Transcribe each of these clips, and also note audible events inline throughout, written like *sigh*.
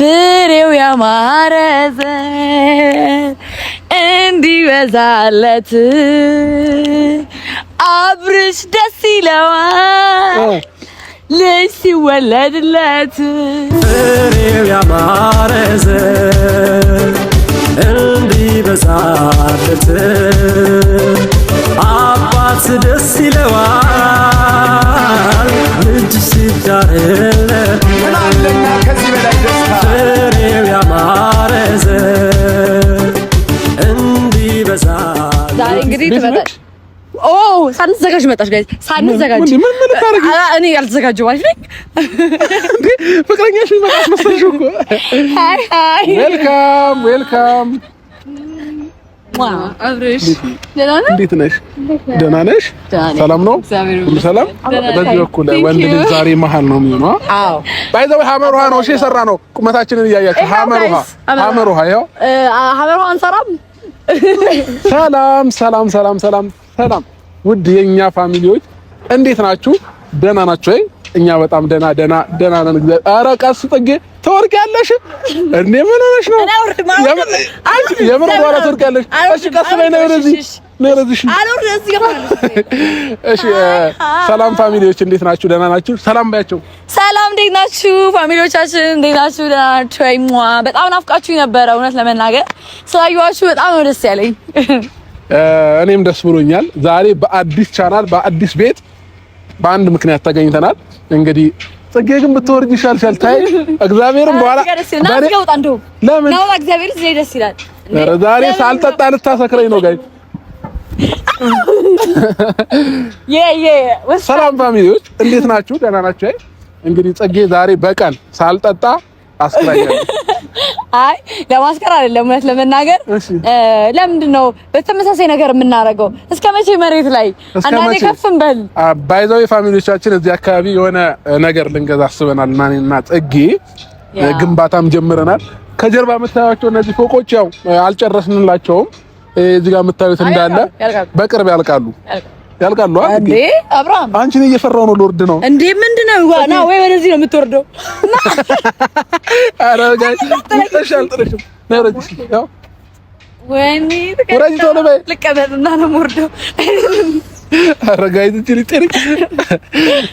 ፍሬው ያማረዘ እንዲበዛለት አብርሽ ደስ ይለዋል ልጅ ሲወለድለት ፍሬው ያማረዘ እንዲበዛለት አባት ደስ ይለዋል ልጅ ሲዳርለት ምናለኛ ከዚህ በላይ ፍሬው ያማረ ዘር እንዲበዛ ዛሬ እንግዲህ ትመጣለች። ኦ ሳንዘጋጅ መጣች። ጋይስ ሳንዘጋጅ እኔ ያልተዘጋጀው ማለት ነኝ። ፍቅረኛሽ መጣች መሰለሽ እኮ። ዌልካም ዌልካም አብርሽ እንዴት ነሽ? ደህና ነሽ? ሰላም ነው? ሁሉ ሰላም? በዚህ በኩል ወንድ ልጅ ዛሬ መሀል ነው የሚሆነው። አዎ ባይዘው ሀመር ውሃ ነው እሺ፣ የሰራ ነው። ቁመታችንን እያያችሁ ሀመር ውሃ ሀመር ውሃ ያው ሀመር ውሃ አንሰራም። ሰላም ሰላም ሰላም ሰላም ሰላም። ውድ የኛ ፋሚሊዎች እንዴት ናችሁ? ደህና ናችሁ ወይ? እኛ በጣም ደህና ደህና ደህና ነን። ኧረ ቀስ ጥጌ ትወርቂያለሽ እኔ ምን ሆነሽ ነው? አንቺ የምር በኋላ ትወርቂያለሽ። እሺ፣ ቀስ በይ ነው ወደዚህ እሺ ሰላም ፋሚሊዎች እንዴት ናችሁ? ደህና ናችሁ? ሰላም ባያቸው። ሰላም እንዴት ናችሁ ፋሚሊዎቻችን? እንዴት ናችሁ? ደህና ናችሁ? በጣም ናፍቃችሁ ነበረ። እውነት ለመናገር ስላየኋችሁ በጣም ነው ደስ ያለኝ። እኔም ደስ ብሎኛል። ዛሬ በአዲስ ቻናል፣ በአዲስ ቤት በአንድ ምክንያት ተገኝተናል እንግዲህ ጽጌ ግን ብትወርጅ ይሻልሻል። ታይ እግዚአብሔርን በኋላ ለምን እግዚአብሔር እዚህ ላይ ደስ ይላል። ዛሬ ሳልጠጣ ልታሰክረኝ ነው ጋይ *laughs* ሰላም ፋሚሊዎች እንዴት ናችሁ? ደህና ናችሁ? አይ እንግዲህ ጽጌ ዛሬ በቀን ሳልጠጣ አስክራኛለች። አይ ለማስቀር አይደለም፣ እውነት ለመናገር ለምንድን ነው በተመሳሳይ ነገር የምናደርገው? እስከ መቼ መሬት ላይ አንዳንዴ ከፍ እንበል። ባይዛዊ ፋሚሊዎቻችን እዚህ አካባቢ የሆነ ነገር ልንገዛ አስበናል። እና ጽጌ ግንባታም ጀምረናል። ከጀርባ የምታዩቸው እነዚህ ፎቆች ያው አልጨረስንላቸውም። እዚህ ጋር የምታዩት እንዳለ በቅርብ ያልቃሉ። ያልቃሉ እንዴ? አብርሃም አንቺን እየፈራው ነው። ሎርድ ነው እንዴ? ምንድነው? ዋና ወይ ወደዚህ ነው የምትወርደው? ኧረ ጋይ ትንሽ አልጥርሽም።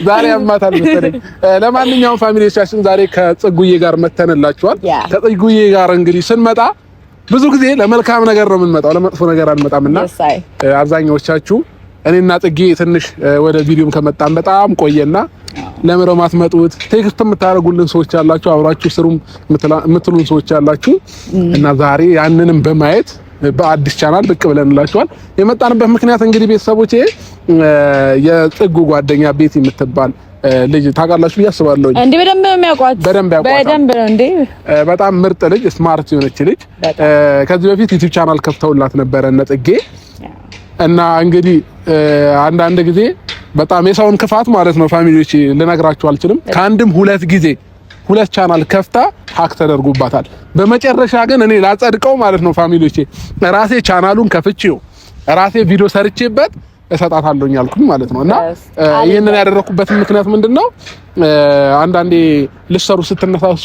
ዛሬ አማታል መሰለኝ። ለማንኛውም ፋሚሊዎቻችን ዛሬ ከጽጉዬ ጋር መተንላችኋል። ከጽጉዬ ጋር እንግዲህ ስንመጣ ብዙ ጊዜ ለመልካም ነገር ነው የምንመጣው፣ ለመጥፎ ነገር አንመጣምና አብዛኛዎቻችሁ እኔና ጥጌ ትንሽ ወደ ቪዲዮም ከመጣን በጣም ቆየና ለምረው ማትመጡት ቴክስት የምታደርጉልን ሰዎች አላችሁ አብራችሁ ስሩም የምትሉን ሰዎች አላችሁ እና ዛሬ ያንንም በማየት በአዲስ ቻናል ብቅ ብለንላችኋል። የመጣንበት ምክንያት እንግዲህ ቤተሰቦቼ የጥጉ ጓደኛ ቤት የምትባል ልጅ ታውቃላችሁ ብዬ አስባለሁ። እንዴ በደንብ ነው የሚያውቋት፣ በደንብ ያውቋት፣ በደንብ ነው እንዴ። በጣም ምርጥ ልጅ፣ ስማርት የሆነች ልጅ። ከዚህ በፊት ዩቲዩብ ቻናል ከፍተውላት ነበረ እነ ጥጌ እና እንግዲህ አንዳንድ ጊዜ በጣም የሰውን ክፋት ማለት ነው ፋሚሊዎች ልነግራችሁ አልችልም። ከአንድም ሁለት ጊዜ ሁለት ቻናል ከፍታ ሀክ ተደርጉባታል። በመጨረሻ ግን እኔ ላጸድቀው ማለት ነው ፋሚሊዎች ራሴ ቻናሉን ከፍቼው ራሴ ቪዲዮ ሰርቼበት እሰጣታለሁኝ አልኩኝ ማለት ነው። እና ይህንን ያደረኩበትን ምክንያት ምንድን ነው? አንዳንዴ ልሰሩ ስትነሳሱ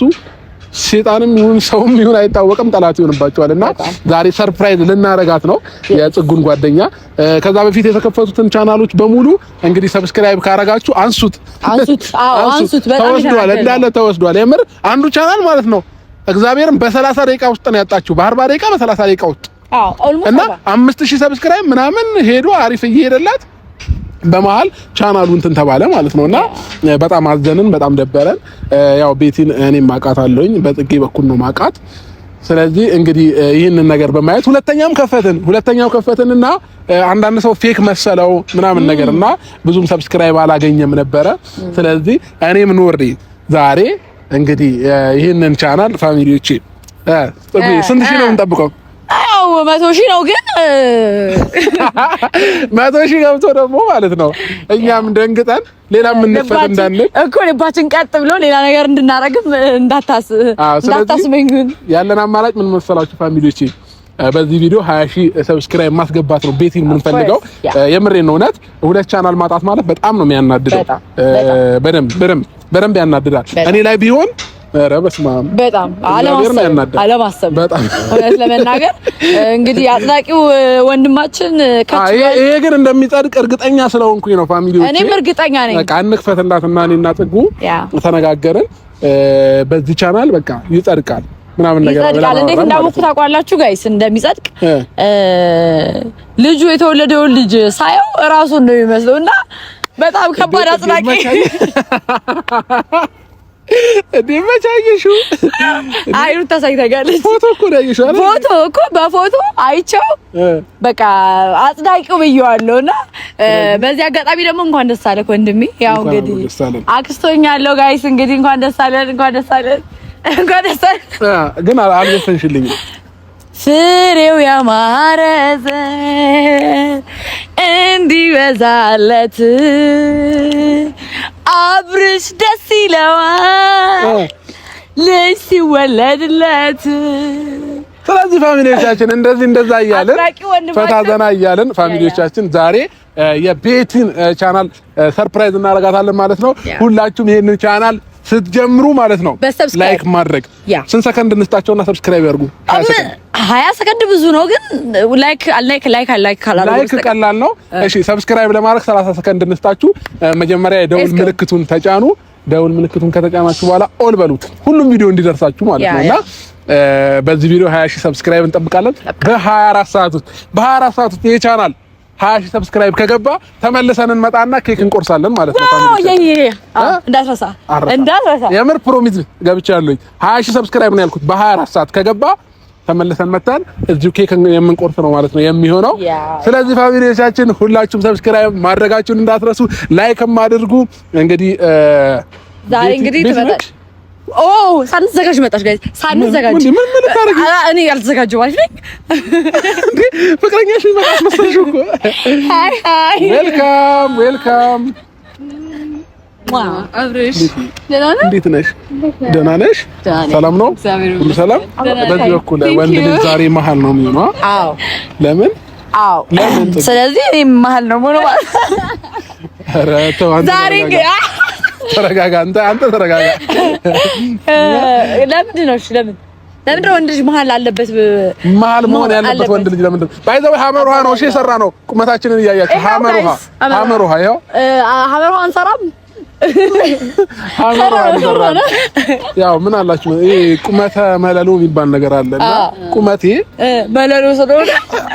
ሴጣንም ይሁን ሰውም ይሁን አይታወቅም፣ ጠላት ይሆንባቸዋል። እና ዛሬ ሰርፕራይዝ ልናረጋት ነው የጽጉን ጓደኛ። ከዛ በፊት የተከፈቱትን ቻናሎች በሙሉ እንግዲህ ሰብስክራይብ ካረጋችሁ አንሱት፣ አንሱት፣ አዎ *laughs* አንሱት። ተወስዷል፣ እንዳለ ተወስዷል። የምር አንዱ ቻናል ማለት ነው እግዚአብሔርን በሰላሳ ደቂቃ ውስጥ ነው ያጣችሁ፣ በአርባ ደቂቃ በሰላሳ ደቂቃ ውስጥ እና አምስት ሺህ ሰብስክራይብ ምናምን ሄዶ አሪፍ እየሄደላት በመሀል ቻናሉ እንትን ተባለ ማለት ነውና በጣም አዘንን፣ በጣም ደበረን። ያው ቤቲን እኔም ማቃት አለኝ በጥጌ በኩል ነው ማቃት። ስለዚህ እንግዲህ ይህንን ነገር በማየት ሁለተኛም ከፈትን ሁለተኛው ከፈትንና አንዳንድ ሰው ፌክ መሰለው ምናምን ነገርና ብዙም ሰብስክራይብ አላገኘም ነበረ። ስለዚህ እኔም ኖሬ ዛሬ እንግዲህ ይህንን ቻናል ፋሚሊዎቼ ስንት ሺህ ነው የምንጠብቀው? ያው መቶ ሺህ ነው ግን *laughs* መቶ ሺህ ገብቶ ደግሞ ማለት ነው እኛም ደንግጠን ሌላ የምንፈት እንዳንል እኮ ልባችን ቀጥ ብሎ ሌላ ነገር እንድናረግም እንዳታስ እንዳታስመኝ ያለን አማራጭ ምን መሰላችሁ ፋሚሊዎች በዚህ ቪዲዮ 20 ሺህ ሰብስክራይብ ማስገባት ነው ቤቲን የምንፈልገው። የምሬን ነው። እውነት ሁለት ቻናል ማጣት ማለት በጣም ነው የሚያናድደው። በደንብ በደንብ በደንብ ያናድዳል። እኔ ላይ ቢሆን ኧረ በስመ አብ በጣም አለማሰብ በጣም እውነት ለመናገር እንግዲህ አጽዳቂው ወንድማችን ከች ይሄ ግን እንደሚጸድቅ እርግጠኛ ስለሆንኩኝ ነው። ፋሚሊዎቼ እኔም እርግጠኛ ነኝ። በቃ እንክፈት እናትና እኔና ጽጉ ተነጋገርን። በዚህ ቻናል በቃ ይጸድቃል ምናምን ነገር ይጸድቃል። እንዴት እንዳወቅኩ ታውቃላችሁ ጋይስ? እንደሚጸድቅ ልጁ የተወለደውን ልጅ ሳየው እራሱን ነው የሚመስለው እና በጣም ከባድ አጽዳቂ *laughs* እንዴ መች አየሽው? *laughs* አይ ሩታ ሳይታጋለች ፎቶ እኮ ነው ያየሽው አይደል? ፎቶ እኮ በፎቶ አይቼው በቃ አጽዳቂው ብዬዋለሁ። እና በዚህ አጋጣሚ ደግሞ እንኳን ደስ አለህ ወንድሜ። ያው እንግዲህ አክስቶኛለሁ። ጋይስ እንግዲህ እንኳን ደስ አለን፣ እንኳን ደስ አለን፣ እንኳን ደስ አለን። ግን አልዘፈንሽልኝም። ፍሬው ያማረ ዘር እንዲበዛለት አብርሽ ደስ ይለዋል ልጅ ሲወለድለት። ስለዚህ ፋሚሊዎቻችን እንደዚህ እንደዛ እያልን ፈታ ዘና እያልን ፋሚሊዎቻችን ዛሬ የቤትን ቻናል ሰርፕራይዝ እናደርጋታለን ማለት ነው። ሁላችሁም ይሄንን ቻናል ስትጀምሩ ማለት ነው ላይክ ማድረግ። ስንት ሰከንድ እንስጣቸውና ሰብስክራይብ ያርጉ። ሀያ ሰከንድ ብዙ ነው፣ ግን ላይክ ላይክ ላይክ ላይክ ቀላል ነው። እሺ ሰብስክራይብ ለማድረግ 30 ሰከንድ እንስጣችሁ። መጀመሪያ የደውል ምልክቱን ተጫኑ። ደውል ምልክቱን ከተጫናችሁ በኋላ ኦል በሉት፣ ሁሉም ቪዲዮ እንዲደርሳችሁ ማለት ነው እና በዚህ ቪዲዮ 20 ሺህ ሰብስክራይብ እንጠብቃለን በ24 ሰዓት ውስጥ በ24 ሰዓት ውስጥ ይሄ ቻናል ሀያ ሺህ ሰብስክራይብ ከገባ ተመልሰን እንመጣና ኬክ እንቆርሳለን ማለት ነው። እንዳትረሳ እንዳትረሳ። የምር ፕሮሚዝ ገብቻለሁኝ። ሀያ ሺህ ሰብስክራይብ ነው ያልኩት። በሀያ አራት ሰዓት ከገባ ተመልሰን መጣን እዚሁ ኬክ የምንቆርስ ነው ማለት ነው የሚሆነው። ስለዚህ ፋሚሊዎቻችን ሁላችሁም ሰብስክራይብ ማድረጋችሁን እንዳትረሱ፣ ላይክም አድርጉ። እንግዲህ ዛሬ እንግዲህ ኦ ሳንዘጋጅ መጣሽ ጋይስ፣ ሳንዘጋጅ ምን ምን ምን ታረጊ? እኔ ያልተዘጋጀው ማለት ነኝ እንዴ? ፍቅረኛሽ ይመጣሽ መሰለሽ እኮ። ሃይ ሃይ፣ ዌልካም ዌልካም። እንዴት ነሽ? ደህና ነሽ? ሰላም ነው? ሁሉ ሰላም። በዚህ በኩል ወንድ ልጅ ዛሬ መሀል ነው የሚሆነው። አዎ። ለምን? አዎ። ስለዚህ እኔ መሀል ነው የምሆነው ማለት ኧረ ተው አንተ ዛሬ ተረጋጋ። አንተ አንተ ተረጋጋ። ለምንድን ነው እሺ? ለምን ለምንድን ነው ወንድ ልጅ መሀል አለበት? መሀል መሆን ያለበት ወንድ ልጅ ለምንድን ነው? ባይዘው ሀመር ውሃ ነው እሺ፣ የሰራ ነው። ቁመታችንን እያያችሁ ሀመር ውሃ ሀመር ውሃ ይኸው ሀመር ውሃ አንሰራም። ያው ምን አላችሁ ይሄ ቁመተ መለሉ የሚባል ነገር አለና ቁመቴ መለሉ ስለሆነ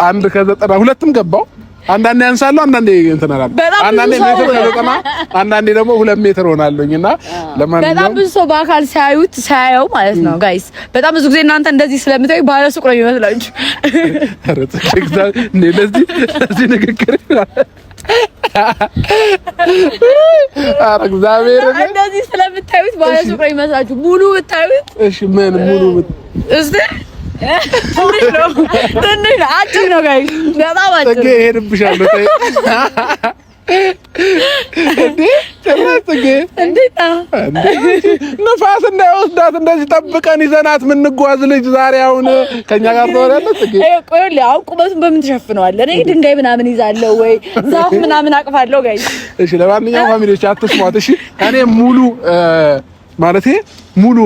አንድ ከዘጠና ሁለትም ገባው አንዳንዴ ያንሳሉ፣ አንዳንዴ እንትን አላሉ። አንዳንዴ ሜትር ከዘጠና አንዳንዴ ደግሞ ሁለት ሜትር ሆናለኝ እና ለማንኛውም በጣም ብዙ ሰው በአካል ሲያዩት ሲያየው ማለት ነው ጋይስ። በጣም ብዙ ጊዜ እናንተ እንደዚህ ስለምታዩ ባለ ሱቅ ነው ይመስላችሁ። *laughs* ለዚህ ለዚህ ንግግር *laughs* ኧረ እግዚአብሔር እንደዚህ ስለምታዩት ባለ ሱቅ ነው ይመስላችሁ ሙሉ ብታዩት። እሺ ምን ሙሉ እስቲ ትንሽ ነው፣ አጭር ነው። ጋይ በጣም አጭር ነው። እሄድብሻለሁ። ንፋስ እንዳይወስዳት እንደዚህ ጠብቀን ይዘናት የምንጓዝ ልጅ ዛሬ አሁን ከእኛ ጋር ትሆናለች። አሁን ቁመቱን በምን ትሸፍነዋለህ? እኔ ድንጋይ ምናምን ይዛለሁ ወይ ዛፍ ምናምን አቅፋለሁ። ጋይ እሺ፣ ለማንኛውም ፋሚሊዎች አትስሟት። እሺ እኔ ሙሉ ማለት ሙሉ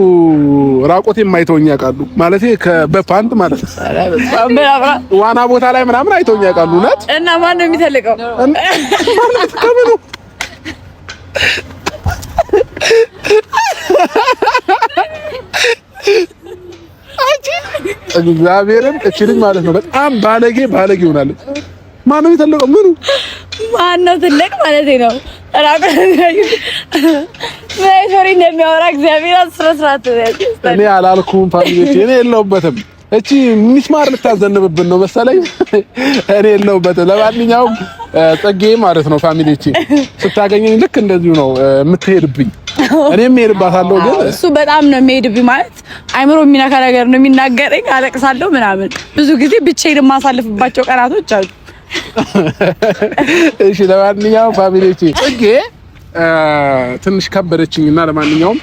ራቆቴ የማይተውኝ ያውቃሉ። ማለት በፓንት ማለት ዋና ቦታ ላይ ምናምን አይተውኝ ያውቃሉ። እውነት እና ማን ነው የሚተልቀው? እግዚአብሔርን እችልኝ ማለት ነው በጣም ባለጌ ባለጌ ይሆናለች። ማን ነው የሚተልቀው? ምኑ ማን ነው ትልቅ ማለት ነው ሪ እንደሚያወራ እግዚአብሔር አስረስራት እኔ አላልኩም። ፋሚሊዎች እኔ የለሁበትም። እቺ ሚስማር ልታዘንብብን ነው መሰለኝ። እኔ የለሁበትም። ለማንኛውም ጽጌ ማለት ነው ፋሚሊዎቼ፣ ስታገኘኝ ልክ እንደዚሁ ነው የምትሄድብኝ። እኔም እሄድባታለሁ፣ ግን እሱ በጣም ነው የሚሄድብኝ። ማለት አይምሮ የሚነካ ነገር ነው የሚናገረኝ። አለቅሳለሁ ምናምን። ብዙ ጊዜ ብቻዬን የማሳልፍባቸው ቀናቶች አሉ። እሺ፣ ለማንኛውም ፋሚሊዎቼ ጽጌ ትንሽ ከበደችኝ እና ለማንኛውም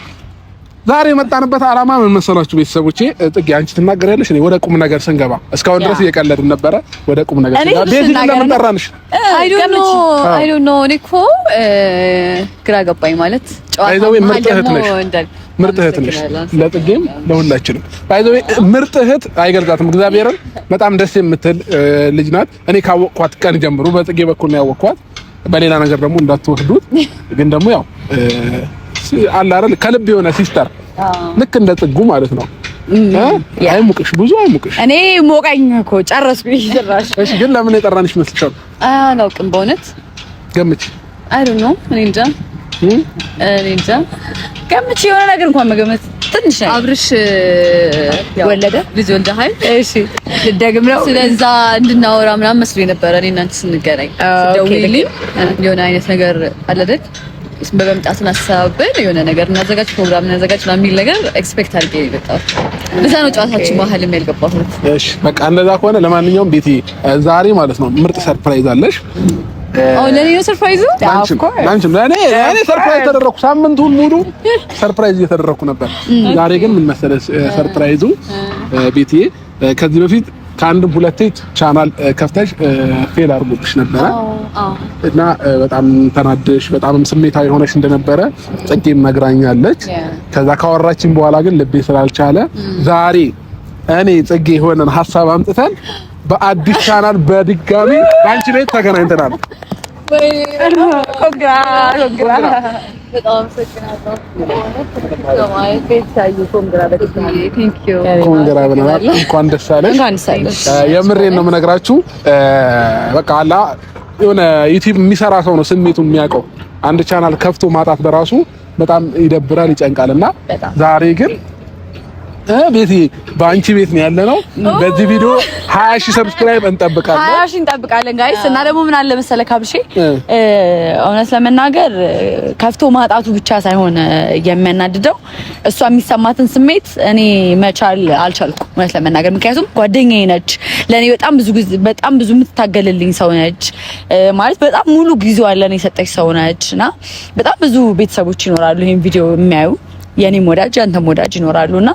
ዛሬ የመጣንበት አላማ ምን መሰላችሁ ቤተሰቦቼ? ጥጌ አንቺ ትናገሪያለሽ፣ እኔ ወደ ቁም ነገር ስንገባ። እስካሁን ድረስ እየቀለድን ነበረ። ወደ ቁም ነገር ስንገባ ቤት ለምን ጠራንሽ? አይ ዶንት ኖ አይ ዶንት ኖ። እኔ እኮ ግራ ገባኝ ማለት ጨዋታ ምርጥ እህት ነሽ ምርጥ እህት ነሽ። ለጥጌም ለሁላችንም ባይዘው ምርጥ እህት አይገልጻትም። እግዚአብሔርን በጣም ደስ የምትል ልጅ ናት። እኔ ካወቅኳት ቀን ጀምሮ በጥጌ በኩል ነው ያወቅኳት በሌላ ነገር ደግሞ እንዳትወስዱት። *laughs* ግን ደግሞ ያው አለ አይደል ከልብ የሆነ ሲስተር ልክ እንደ ጥጉ ማለት ነው። አይሙቅሽ፣ ብዙ አይሙቅሽ። እኔ ሞቀኝ እኮ ጨረስኩኝ። ጭራሽ እሺ። ግን ለምን የጠራንሽ መስልሻል? አላውቅም በእውነት ገምቼ። አይ ዶንት ኖ እኔ እንጃ እኔ እንጃ ገምቼ የሆነ ነገር እንኳን መገመት ትንሽ አብርሽ ወለደ ልጅ ወልደ ሀይል እሺ፣ ልደግም ነው። ስለዛ እንድናወራ ምናምን መስሎኝ ነበረ። እኔ እናንተ ስንገናኝ ደውልልኝ የሆነ አይነት ነገር አለደች በመምጣት እናስተባብር የሆነ ነገር እናዘጋጅ ፕሮግራም እናዘጋጅ ምናምን የሚል ነገር ኤክስፔክት አድርጌ የመጣሁት እዛ ነው። ጨዋታችን መሀል ያልገባሁት። እሺ በቃ እንደዛ ከሆነ ለማንኛውም ቤቲ ዛሬ ማለት ነው ምርጥ ሰርፕራይዝ አለሽ። ለእኔ ነው ሰርፕራይዙ። ለእኔ ሰርፕራይዝ ተደረኩ። ሳምንቱን ሙሉ *laughs* ሰርፕራይዝ እየተደረኩ ነበር። ዛሬ ግን ምን መሰለሽ ሰርፕራይዙ ቤትዬ ከዚህ በፊት ከአንድም ሁለቴ ቻናል ከፍተሽ ፌል አድርጎብሽ ነበረ እና በጣም ተናደሽ በጣም ስሜታዊ ሆነሽ እንደነበረ ጽጌም ነግራኛለች። ከዛ ካወራችን በኋላ ግን ልቤ ስላልቻለ ዛሬ እኔ ጽጌ የሆነን ሀሳብ አምጥተን በአዲስ ቻናል በድጋሚ በአንቺ ቤት ተገናኝተናል። ኮንግራ ብለናል። እንኳን ደስ አለሽ። የምሬን ነው የምነግራችሁ። በቃ አላ የሆነ ዩቲዩብ የሚሰራ ሰው ነው ስሜቱን የሚያውቀው። አንድ ቻናል ከፍቶ ማጣት በራሱ በጣም ይደብራል፣ ይጨንቃል እና ዛሬ ግን ቤት በአንቺ ቤት ነው ያለ ነው። በዚህ ቪዲዮ 20 ሺህ ሰብስክራይብ እንጠብቃለን፣ 20 ሺህ እንጠብቃለን ጋይስ። እና ደግሞ ምን አለ መሰለ ካብሼ እውነት ለመናገር ከፍቶ ማጣቱ ብቻ ሳይሆን የሚያናድደው እሷ የሚሰማትን ስሜት እኔ መቻል አልቻልኩ እውነት ለመናገር ምክንያቱም ጓደኛዬ ነች፣ ለኔ በጣም ብዙ በጣም ብዙ የምትታገልልኝ ሰው ነች። ማለት በጣም ሙሉ ጊዜዋን ለኔ የሰጠች ሰው ነች እና በጣም ብዙ ቤተሰቦች ይኖራሉ ይሄን ቪዲዮ የሚያዩ የኔም ወዳጅ ያንተም ወዳጅ ይኖራሉ እና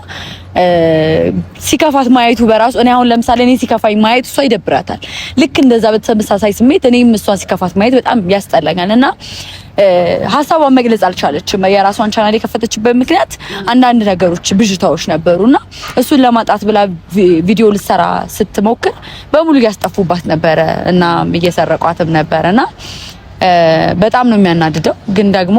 ሲከፋት ማየቱ በራሱ እኔ አሁን ለምሳሌ እኔ ሲከፋኝ ማየት እሷ ይደብራታል። ልክ እንደዛ በተመሳሳይ ስሜት እኔም እሷን ሲከፋት ማየት በጣም ያስጠላኛል እና ሀሳቧን መግለጽ አልቻለችም። የራሷን ቻናል የከፈተችበት ምክንያት አንዳንድ ነገሮች ብዥታዎች ነበሩ እና እሱን ለማጣት ብላ ቪዲዮ ልሰራ ስትሞክር በሙሉ እያስጠፉባት ነበረ እና እየሰረቋትም እና በጣም ነው የሚያናድደው ግን ደግሞ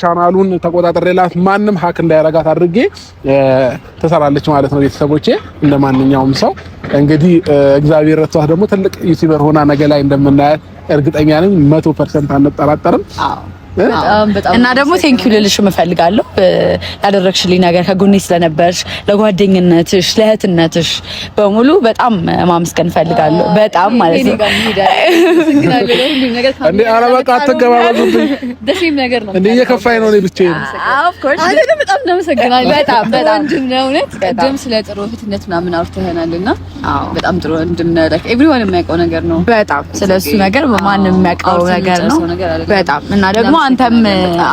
ቻናሉን ተቆጣጠሬላት ማንም ሀክ እንዳያረጋት አድርጌ ትሰራለች ማለት ነው። ቤተሰቦቼ እንደ ማንኛውም ሰው እንግዲህ እግዚአብሔር ረድቷት ደግሞ ትልቅ ዩቲዩበር ሆና ነገ ላይ እንደምናያት እርግጠኛ ነኝ። መቶ ፐርሰንት አንጠራጠርም። እና ደግሞ ቴንኪዩ ልልሽ እፈልጋለሁ ያደረግሽልኝ ነገር ከጎኔ ስለነበርሽ፣ ለጓደኝነትሽ፣ ለእህትነትሽ በሙሉ በጣም ማመስገን እፈልጋለሁ። በጣም ማለት ነው። እንዴ ኧረ በቃ አትገባባዙብኝ። እንዴ እየከፋኝ ነው። እኔ ብቻዬን በጣም እናመሰግናለን። በጣም በጣም እውነት ቅድም ስለ ጥሩ እህትነት ምናምን አውርተናል እና በጣም ጥሩ እንድም ነበር። ኤቭሪዋን የሚያውቀው ነገር ነው። በጣም ስለሱ ነገር ማንም የሚያውቀው ነገር ነው። በጣም እና ደግሞ አንተም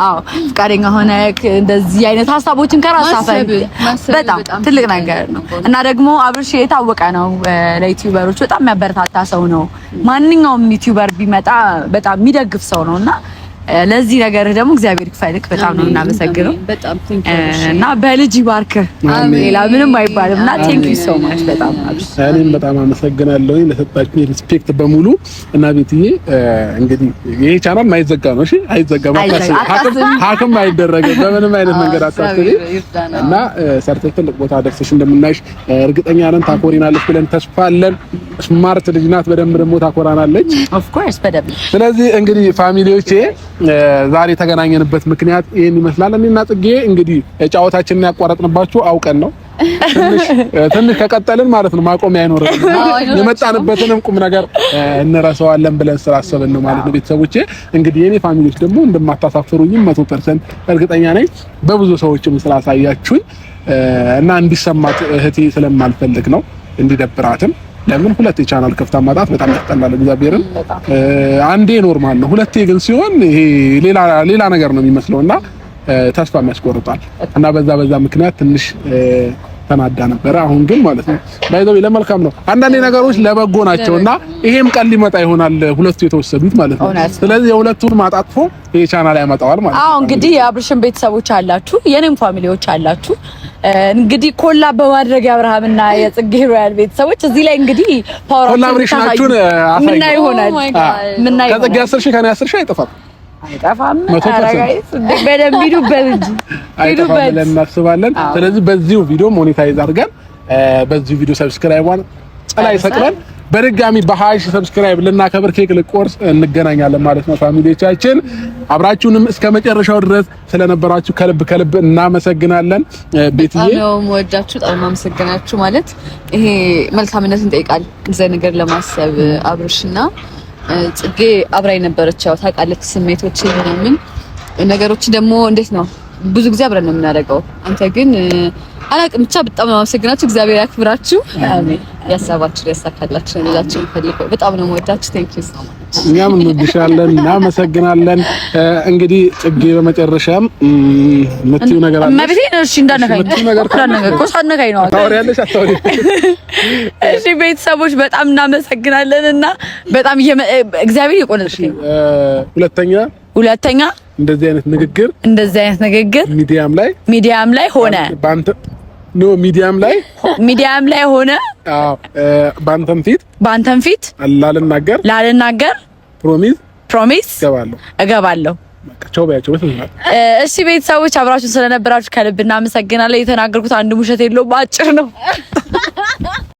አዎ ፍቃደኛ ሆነ እንደዚህ አይነት ሀሳቦችን ከራስህ አፈን በጣም ትልቅ ነገር ነው እና ደግሞ አብርሽ የታወቀ ነው ለዩቲዩበሮች በጣም የሚያበረታታ ሰው ነው። ማንኛውም ዩቲዩበር ቢመጣ በጣም የሚደግፍ ሰው ነውና ለዚህ ነገር ደግሞ እግዚአብሔር ይክፈልክ። በጣም ነው እናመሰግነው እና በልጅ ይባርክ። ሌላ ምንም አይባልም እና ቴንክ ዩ ሶ ማች በጣም አብሽ። እኔም በጣም አመሰግናለሁ ለሰጣችሁ ሪስፔክት በሙሉ እና ቤትዬ እንግዲህ ይሄ ቻናል ማይዘጋ ነው። እሺ አይዘጋም፣ ሀክም አይደረገ በምንም አይነት መንገድ አታስቢ እና ሰርተሽ ትልቅ ቦታ ደርሰሽ እንደምናይሽ እርግጠኛ ነን። ታኮሪናለች ብለን ተስፋ አለን። ስማርት ልጅ ናት፣ በደንብ ደግሞ ታኮራናለች። ኦፍ ኮርስ በደንብ ስለዚህ እንግዲህ ፋሚሊዎቼ ዛሬ የተገናኘንበት ምክንያት ይህን ይመስላል። እኔና ጽጌ እንግዲህ ጨዋታችንን ያቋረጥንባችሁ አውቀን ነው። ትንሽ ከቀጠልን ማለት ነው ማቆም አይኖርም። የመጣንበትንም ቁም ነገር እንረሳዋለን ብለን ስላሰብን ነው ማለት ነው። ቤተሰቦቼ እንግዲህ የኔ ፋሚሊዎች ደግሞ እንደማታሳፍሩኝም መቶ ፐርሰንት እርግጠኛ ነኝ። በብዙ ሰዎችም ስላሳያችሁኝ እና እንዲሰማት እህቴ ስለማልፈልግ ነው እንዲደብራትም ለምን ሁለት የቻናል ከፍታ ማጣት በጣም ያስጠላል። እግዚአብሔርን አንዴ ኖርማል ነው፣ ሁለቴ ግን ሲሆን ይሄ ሌላ ሌላ ነገር ነው የሚመስለውና ተስፋ የሚያስቆርጣል እና በዛ በዛ ምክንያት ትንሽ ተናዳ ነበረ። አሁን ግን ማለት ነው ባይዘው ለመልካም ነው። አንዳንዴ ነገሮች ለበጎ ናቸው እና ይሄም ቀን ሊመጣ ይሆናል ሁለቱ የተወሰዱት ማለት ነው። ስለዚህ የሁለቱን ማጣጥፎ ይሄ ቻናል ያመጣዋል ማለት ነው። አዎ እንግዲህ የአብርሽን ቤተሰቦች አላችሁ፣ የኔም ፋሚሊዎች አላችሁ እንግዲህ ኮላ በማድረግ የአብርሃምና የጽጌ ሮያል ቤተሰቦች እዚህ ላይ እንግዲህ ኮላብሬሽናችሁን ምና oh ይሆናል። ከጽጌ አስር ሺህ ከኔ አስር ሺህ አይጠፋም አይጠፋም። በደንብ ሂዱበት እንጂ ሂዱበት ብለን እናስባለን። ስለዚህ በዚሁ ቪዲዮ ሞኔታይዝ አድርገን በዚሁ ቪዲዮ ሰብስክራይቧን ጸላይ ሰቅለን በድጋሚ በሀሽ ሺህ ሰብስክራይብ ልናከብር ኬክ ልቆርስ እንገናኛለን ማለት ነው። ፋሚሊዎቻችን አብራችሁንም እስከ መጨረሻው ድረስ ስለነበራችሁ ከልብ ከልብ እናመሰግናለን። ቤትዬ ወዳችሁ በጣም አመሰግናችሁ። ማለት ይሄ መልካምነትን ጠይቃል። እዚያ ነገር ለማሰብ አብርሽና ጽጌ አብራይ ነበረች። ያው ታውቃለች ስሜቶች ምናምን ነገሮች ደግሞ እንዴት ነው ብዙ ጊዜ አብረን ነው የምናደርገው። አንተ ግን አላቅም። ብቻ በጣም ነው አመሰግናችሁ። እግዚአብሔር ያክብራችሁ፣ ያሳባችሁ ያሳካላችሁ። እንላችሁ ፈልገው በጣም ነው የምወዳችሁ። ቴንክ ዩ ሶ ማች። እኛም እንወድሻለን፣ እናመሰግናለን። እንግዲህ ጽጌ፣ በመጨረሻም የምትይው ነገር አለ? እማቤቴ ነው። እሺ፣ እንዳነካኝ እንዳነካኝ ነው። ታወሪያለሽ አታወሪም? *laughs* እሺ፣ ቤተሰቦች በጣም እናመሰግናለን እና በጣም እግዚአብሔር ይቆንልሽ። ሁለተኛ ሁለተኛ እንደዚህ አይነት ንግግር እንደዚህ አይነት ንግግር ሚዲያም ላይ ሚዲያም ላይ ሆነ ባንተ ኖ ሚዲያም ላይ ሚዲያም ላይ ሆነ አዎ ባንተም ፊት ባንተም ፊት ላልናገር ላልናገር ፕሮሚስ ፕሮሚስ እገባለሁ እገባለሁ። እሺ ቤተሰቦች አብራችሁን ስለነበራችሁ ከልብ እናመሰግናለን። የተናገርኩት አንድ ውሸት የለውም፣ አጭር ነው።